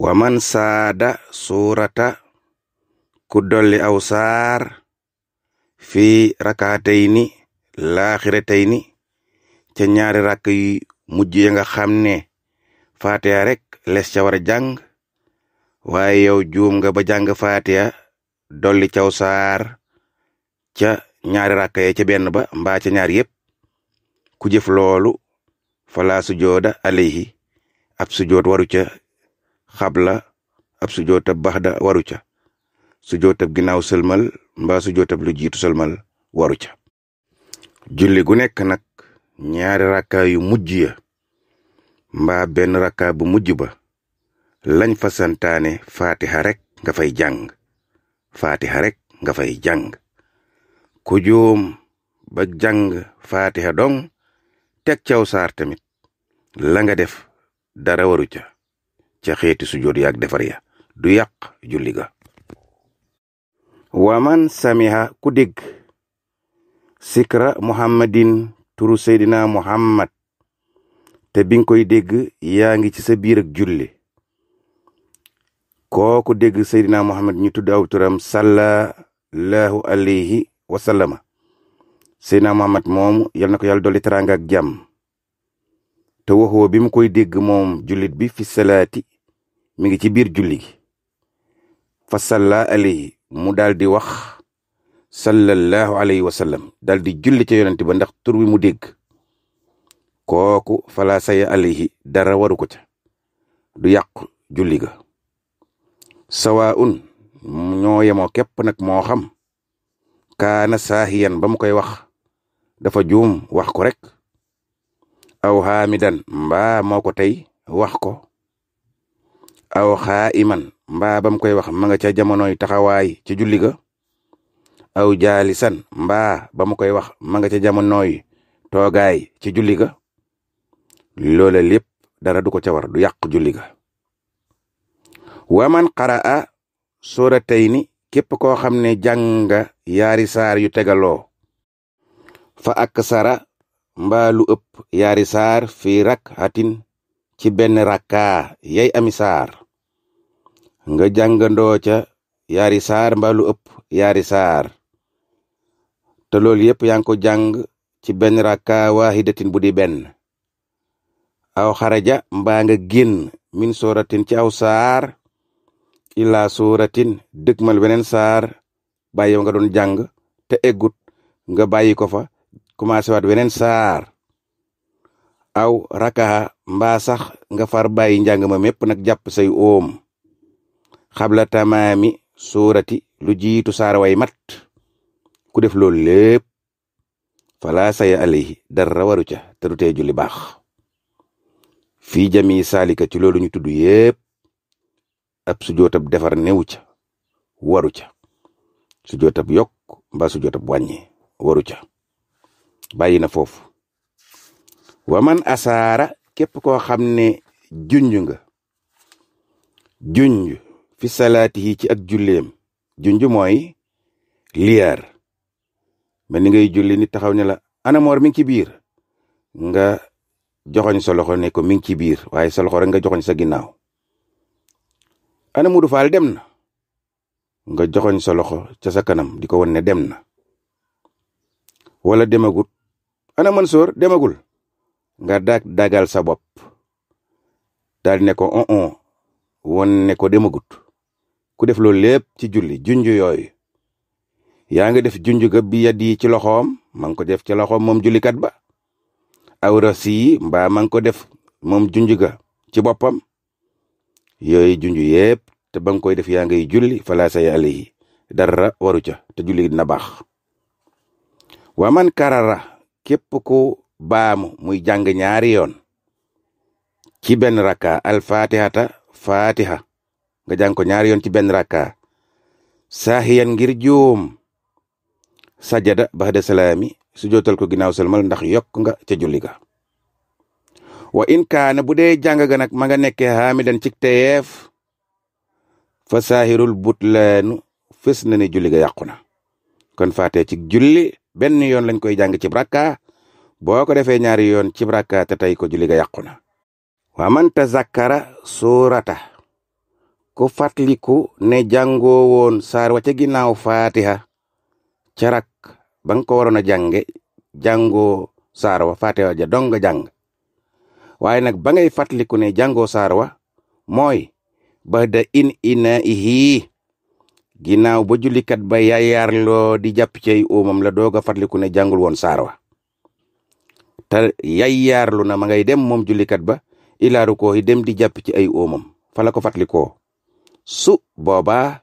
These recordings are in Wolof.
wa man saada suurata ku dolli aw saar fii tey ni ca ñaari rakk yu mujj ya nga xam ne faatiha rek les ca war a jàng waaye yow juum nga ba jàng faatiha dolli ca aw saar ca ñaari rakk ya ca benn ba mbaa ca ñaar yépp ku jëf loolu fala sujooda alayhi ab sujoot waru ca xabla ab sujootab baxda waru ca sujootab ginnaaw sëlmal mba sujootab lu jiit sëlmal waru ca julli gu nekk nag ñaari rakka yu mujj ya mbaa benn rakka bu mujj ba lañ fa santaane faatiha rek nga fay jàng faatiha rek nga fay jàng ku juum ba jàng faatiha dong teg caw saar tamit la nga def dara waru ca ca xeeti sujjóot yaak defar ya du yàq julli ga waman samiha ku dégg sikra muhammadin turu seydina muhammad te bi koy dégg yaa ngi ci sa biir ak julli kooku dégg seydina muhammad ñu tudd aw turam alayhi wa seydina muhammad moomu yal ko yàlla dolli teraanga ak jàmm te waxoo bi mu koy dégg moom jullit bi fi mi ngi ci biir julli gi fa salla alayhi mu daldi wax sallallahu alayhi wa sallam daal di julli ca yonent ba ndax tur wi mu dégg kooku fala saya alayhi dara waru ko ca du yàqu julli ga sawaun ñoo yemoo képp nag moo xam kaana saahiyan ba mu koy wax dafa juum wax ko rek aw haamidan mbaa moo ko tey wax ko aw xaa iman mbaa bam koy wax ma nga ca jamonoy taxawaay ci julli aw jaalisan mbaa ba mu koy wax ma nga ca jamonoy toogaay ci julli ga loola dara du ko ca war du yàq julli ga wa man qaraa sooratayni képp koo xam ne jàng nga yaari saar yu tegaloo fa ak sara mbaa ëpp yaari saar fii rak'atin ci benn rakka yay ami saar nga jàngandoo ca yaari saar mbaa ëpp yaari saar te loolu yëpp yaa ngi ko jàng ci benn rakkaa waahidatin bu di benn aw xaraja mbaa nga génn min sooratin ci aw saar illa sooratin dëgmal beneen saar bàyyi yow nga doon jàng te eggut nga bàyyi ko fa commencé waat beneen saar aw rakaha mbaa sax nga far bàyyi njàng ma mépp nag jàpp say oom xabla tamaami suurati lu jiitu saara way mat ku def loolu lépp fala saya alayhi dara waru ca te du tee julli baax fii jami saalika ci loolu ñu tudd yépp ab sujootab defar newu ca waru ca sujootab yokk mbaa sujootab wàññi waru ca bàyyi na foofu man asaara képp koo xam ne junj nga junj fi salaati yi ci ak julleem junj mooy liyaar mel ni ngay julli ni taxaw ne la ana moor mi ngi ci biir nga joxoñ sa loxo ne ko mi ngi ci biir waaye sa loxo rek nga joxoñ sa ginnaaw ana mudu dem na nga joxoñ sa loxo ca sa kanam di ko won ne dem na wala demagut ana Mansoor demagul nga dag dagal sa bopp daal ne ko on won ne ko demagut ku def loolu lépp ci julli junj yooyu yaa ngi def junj ga bi yad ci loxoom ma ngi ko def ci loxoom moom jullikat ba awras yi mbaa ma ngi ko def moom junj ga ci boppam yooyu junj yépp te ba nga koy def yaa ngay julli falaasa yàlla yi dara waru ca te julli dina baax waa man karara képp ku baamu muy jàng ñaari yoon ci benn rakka alfatihata fatiha nga jàng ko ñaari yoon ci benn rakka saahiyan ngir juum sajada baxda salaami su jootal ko ginnaaw salmal ndax yokk nga ca julli ga wa in kaana bu dee jàng nag ma nga nekkee xaamidan cik teyeef fa saahirul butlaanu fës na ne julli ga yàqu na kon faatee ci julli benn yoon lañ koy jàng ci rakka boo ko defee ñaari yoon cib rakka te tey ko juli ga yàqu na wa man tazakkara suurata ko fàttaliku ne jàngoo woon saar ca ginnaaw faatiha ca rak ba nga ko waroon a jànge jàngoo saar wa faatiha ja dong nga jàng waaye nag ba ngay fàttaliku ne jàngoo saar wa mooy ba da in ina ginnaaw ba jullikat ba yayaarloo di jàpp cay uumam la doog a fàttaliku ne jàngul woon saarwa te yayyaarlu na ma ngay dem moom jullikat ba ilaaru ko yi dem di jàpp ci ay oomam fala ko fàttali koo su boobaa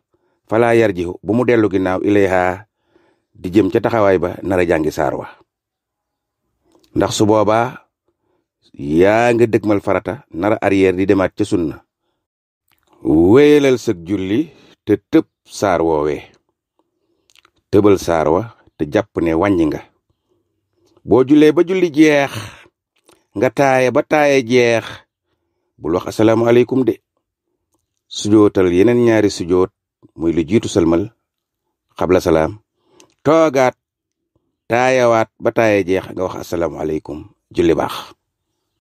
falaa yar ji bu mu dellu ginnaaw ilayha di jëm ca taxawaay ba nara jàngi saar wa ndax su boobaa yaa nga dëgmal farata nara arrière di demaat ca sunna wéyalal sëg julli te tëb saar woowee tëbal saar wa te jàpp ne wàññi nga boo jullee ba julli jeex nga taaye ba taaye jeex bul wax asalaamaaleykum de sujootal yeneen ñaari sujoot muy lu jiitu salmal xabla salaam toogaat taayawaat ba taaye jeex nga wax asalaamaaleykum julli baax